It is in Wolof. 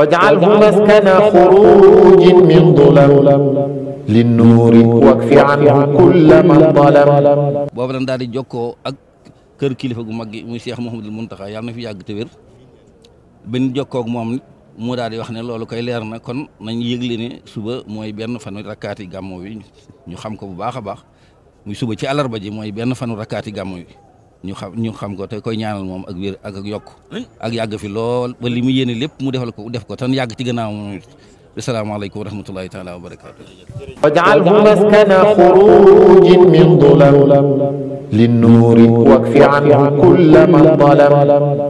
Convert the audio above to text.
واجعله مسكن خروج من ظلم للنور واكف عنه كل من ظلم boobu daal di jokkoo ak kër kilifa gu mag gi muy Cheikh Mouhamadul Mountakha fi yàgg te wér moom mu daal di wax ne loolu koy leer na kon nañ yëgle ne suba mooy benn fanu rakkaati gàmmo wi ñu xam ko bu baax a baax muy suba ci alarba ji mooy benn fanu rakkaati gàmmo wi ñu xam ñu xam ko te koy ñaanal moom ak wér ak ak yokk ak yàgg fi lool ba li mu yéene lépp mu defal ko def ko tan yàgg ci gannaaw moom it asalaamaaleykum wa rahmatullahi taala wa barakaatu waj'alhu maskana xurujin min dulam linnuuri wakfi anhu kulla man dalam